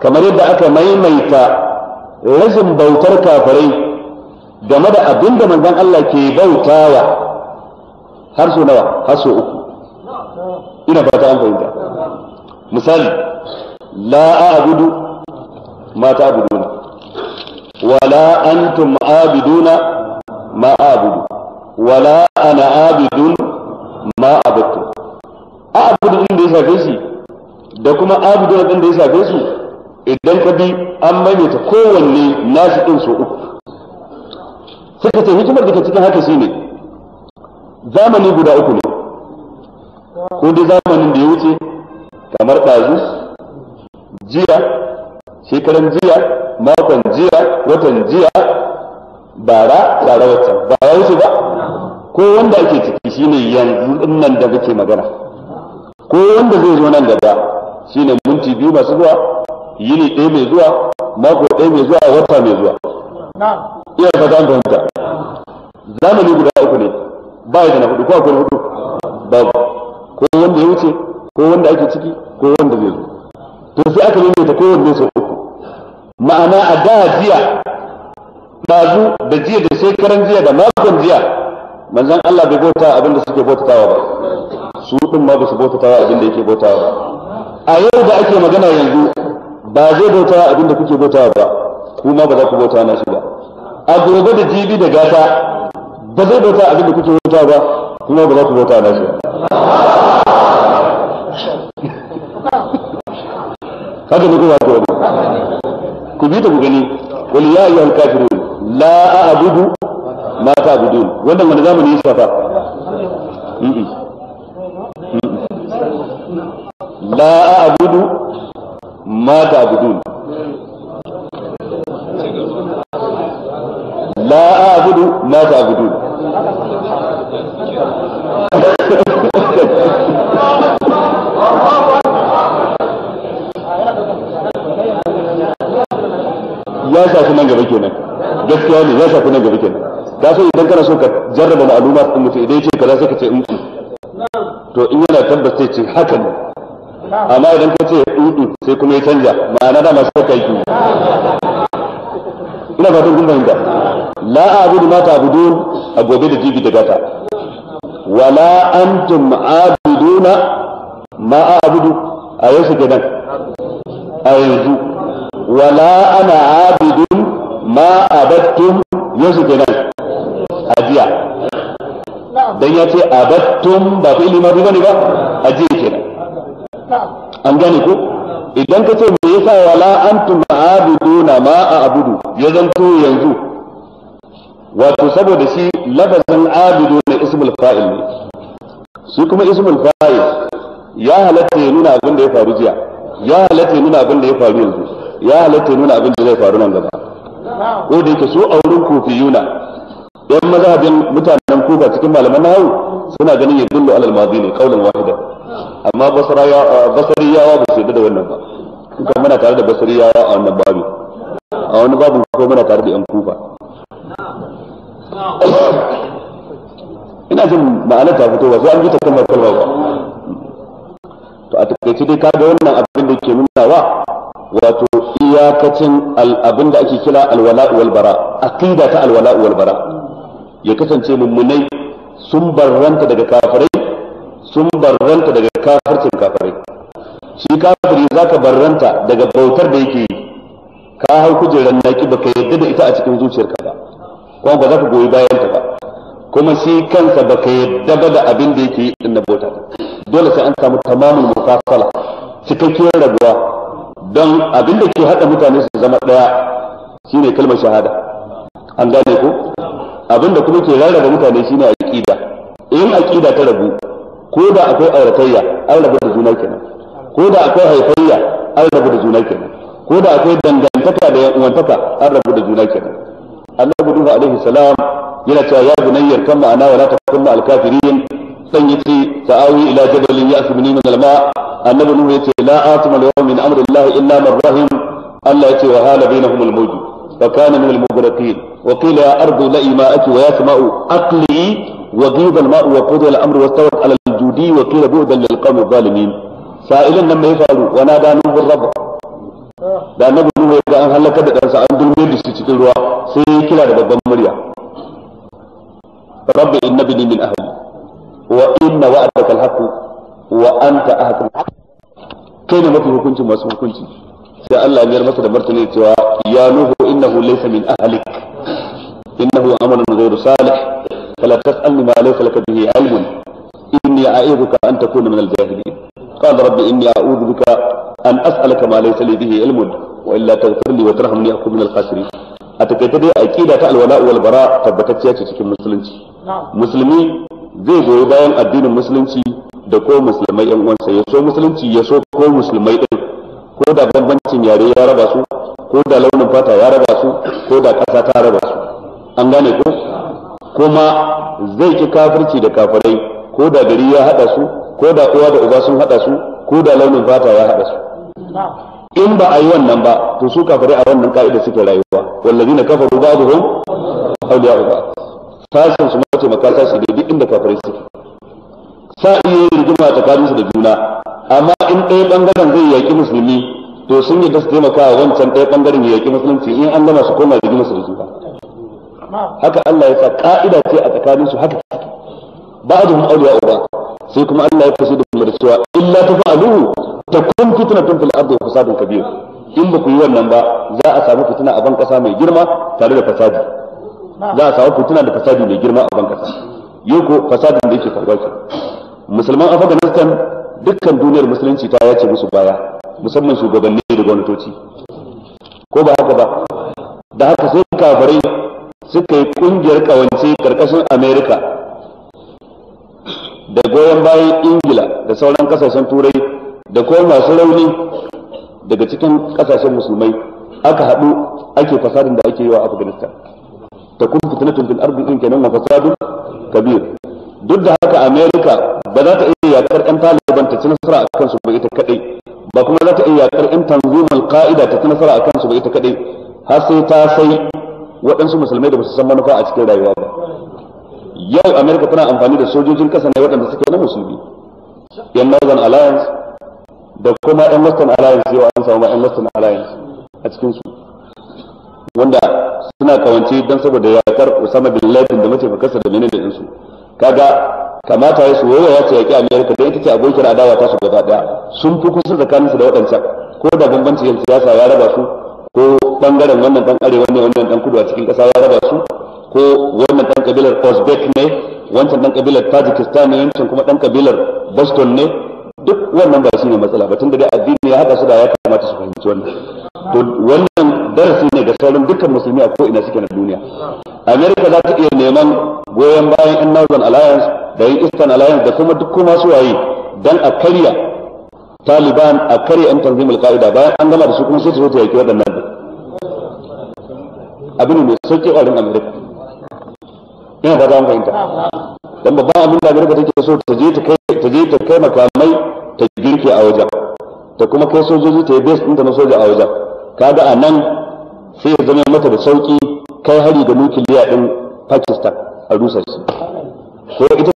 kamar yadda aka maimaita rashin bautar kafirai game da abin da manzon Allah ke bautawa har so nawa har so uku ina ta an fahimta misali la a'budu ma ta'buduna wala antum a'biduna ma a'budu wala ana a'bidun ma a'budu a'budu din da ya shafe shi da kuma abidun din da ya shafe su idan ka bi an ta kowanne nasu din su uku suka ce hikimar da ke cikin haka shine zamani guda uku ne ko dai zamanin da ya wuce kamar ɗazu jiya shekaran jiya makon jiya watan jiya bara tsara watan ba ya wuce ba ko wanda ake ciki shine yanzu nan da kake magana ko wanda zai zo nan gaba shine minti biyu masu zuwa yini ɗaya mai zuwa mako ɗaya mai zuwa wata mai zuwa iya fata an fahimta zamani guda uku ne ba ya na hudu ko akwai na hudu babu ko wanda ya wuce ko wanda ake ciki ko wanda zai zo to sai aka nuna ta kowanne sau uku ma'ana a da jiya ɗazu da jiya da shekaran jiya da makon jiya manzan Allah bai bauta abin da suke bautatawa ba su ɗin ma ba su bautatawa abin da yake bautawa ba a yau da ake magana yanzu ba zai bauta abin da kuke bauta ba kuma ba za ku bauta na ba a gobe da jibi da gata ba zai bauta abin da kuke bauta ba kuma ba za ku bauta na shi ba haka ne kuma ku ku bi ta ku gani wal ya ayyuhal kafirun la a'budu ma ta'budun wannan wani zamani ya shafa la a'budu ma ta'budun la a'budu ma ta'budun ya shafi nan gaba kenan gaskiya ne ya shafi nan gaba kenan ka so idan kana so ka jarraba ma'aluma din mutum idan ya ce kaza sai ka ce in to in yana tabbata ce haka ne amma idan ka ce dudu sai kuma ya canja ma'ana da masu kai ki ina fatan kun da la a'budu ma ta'budun a gobe da jibi da gata wala antum a'buduna ma a'budu a yau gidan a yanzu wala ana a'budun ma abattum yau gidan a jiya dan ya ce abattum ba fi'li ilimin bi bane ba a jiya kenan an gane ko idan ka ce me yasa wala antum abiduna ma a abudu ya zanto yanzu wato saboda shi labazin abudu na ismul fa'il ne shi kuma ismul fa'il ya halatta ya nuna abin da ya faru jiya ya halatta ya nuna abin da ya faru yanzu ya halatta ya nuna abin da zai faru nan gaba ko da yake su a wurin yan mazhabin mutanen Kuba cikin malaman nahawu suna ganin ya alal madini ne wahida amma basariyawa ba su yadda da wannan ba suka muna tare da basariyawa a wannan babu a wani babu ko muna tare da yan kufa ina jin ma'anar ta fito ba sai an ji ta kalma kalma ba to a takaice dai kaga wannan abin da ke nuna wa wato iyakacin abin da ake kira alwala wal bara aqida ta alwala wal bara ya kasance mummunai sun barranta daga kafirai sun barranta daga kafircin kafirai shi kafiri zaka barranta daga bautar da yake ka hau kujerar naki baka yadda da ita a cikin zuciyarka ba kuma ba za ka goyi bayan ta ba kuma shi kansa baka yadda ba da abin da yake yi din na bauta dole sai an samu tamamul mufasala cikakkiyar rabuwa don abin da ke haɗa mutane su zama ɗaya shine kalmar shahada an gane ko abin da kuma ke rarraba mutane shine aqida in aqida ta rabu ko da akwai auratayya an rabu da juna kenan ko da akwai haifayya an rabu da juna kenan ko da akwai dangantaka da yan'uwantaka an rabu da juna kenan annabi duhu alaihi salam yana cewa ya bunayyar kan ma'ana wala takun alkafirin dan yace ta'awi ila jadalin ya'sibuni min alma annabi nuhu yace la atuma al min amri illa man rahim allah yace wa hala bainahum al fa kana min wa qila ya ardu la'ima'aki wa ya aqli وغيب الماء الامر واستوت على حمدي وقيل بعدا للقوم الظالمين سائلا لما يفعل ونادى da annabi Nuhu ya an halaka da kansa an dulme da shi cikin ruwa sai ya kira da babban murya rabbi innabini min ahli wa inna al-haqq wa anta kai ne mafi masu hukunci sai Allah ya masa da martani cewa ya nuhu innahu laysa min ahlik innahu ghayru salih inni a'idhuka an takuna min al-jahilin qala rabbi a udu duka an as ma laysa li bihi ilmun wa illa taghfir li wa tarhamni akun min al-khasirin a takaita dai aqida ta alwala wal bara tabbatacciya ce cikin musulunci musulmi zai goyi bayan addinin musulunci da ko musulmai yan uwansa ya so musulunci ya so ko musulmai din ko da bambancin yare ya raba su ko da launin fata ya raba su ko da ƙasa ta raba su an gane ko kuma zai ki kafirci da kafirai ko da gari ya haɗa su ko da uwa da uba sun haɗa su ko da launin fata ya haɗa su in ba a yi wannan ba to su kafare a wannan ka'ida suke rayuwa wallazina kafaru zuhun auliya uba fashin su mace makasa su daidai inda kafare suke sa iya rigima tsakanin su da juna amma in ɗaya bangaren zai yaƙi musulmi to sun yi dasu taimaka a wancan ɗaya bangaren ya yaƙi musulunci in an gama su koma rigima su da juna haka Allah ya sa ka'ida ce a tsakaninsu haka haka Ba a ba'dhum awliya ba sai kuma Allah ya fasu da mu cewa illa tafa'aluhu takun fitnatun fil ardi fasadun kabir in ba ku yi wannan ba za a samu fitina a ban kasa mai girma tare da fasadi za a samu fitina da fasadi mai girma a ban kasa yoko fasadin da yake faruwa musulman afganistan dukkan duniyar musulunci ta yace musu baya musamman shugabanni da gwamnatoci ko ba haka ba da haka sai kafirai suka yi kungiyar kawance karkashin america da goyon bayan ingila da sauran kasashen turai da kuma masu rauni daga cikin kasashen musulmai aka haɗu ake fasadin da ake yi wa afghanistan ta kuma fitnatun fil arzikin kenan wa fasadun kabir duk da haka america ba za ta iya yakar yan taliban ta ci nasara a kansu ba ita kaɗai? ba kuma za ta iya yakar yan tanzumul ka'ida ta ci nasara a kansu ba ita kaɗai? har sai ta sai waɗansu musulmai da ba su san manufa a cikin rayuwa ba yau Amerika tana amfani da sojojin kasa ne waɗanda suke na musulmi yan northern alliance da kuma yan western alliance yau an samu ma yan western alliance a cikin su wanda suna kawance don saboda yakar Usama bin Laden da mace mataimakarsa da menene ɗinsu kaga kamata ya su yau ya ce ƙi Amerika, da ita ce abokin adawa ta su gaba ɗaya sun fi kusa tsakanin su da waɗancan ko da bambancin siyasa ya raba su ko ɓangaren wannan ɗan arewa ne wannan ɗan kudu a cikin ƙasa ya raba su ko wannan ɗan ƙabilar Uzbek ne wancan ɗan ƙabilar Tajikistan ne wancan kuma ɗan ƙabilar Boston ne duk wannan ba shi ne matsala ba tunda dai addini ya haɗa su da ya kamata su fahimci wannan to wannan darasi ne ga sauran dukkan musulmi a ko'ina suke na duniya Amerika za ta iya neman goyon bayan yan northern alliance da yin eastern alliance da kuma duk kuma su waye dan a karya taliban a karya yan tanzimul ƙa'ida, bayan an gama da su kuma sai su zo ta yaƙi waɗannan abin mai sauƙi ƙwarin Amerika ina ba za mu fahimta dan babban abin da Amerika take so ta je ta kai ta je ta kai makamai ta girke a wajen ta kuma kai sojoji ta yi base ɗinta na soja a wajen kaga a nan sai ya zama mata da sauki kai hari da nukiliya ɗin Pakistan a rusa shi ko ita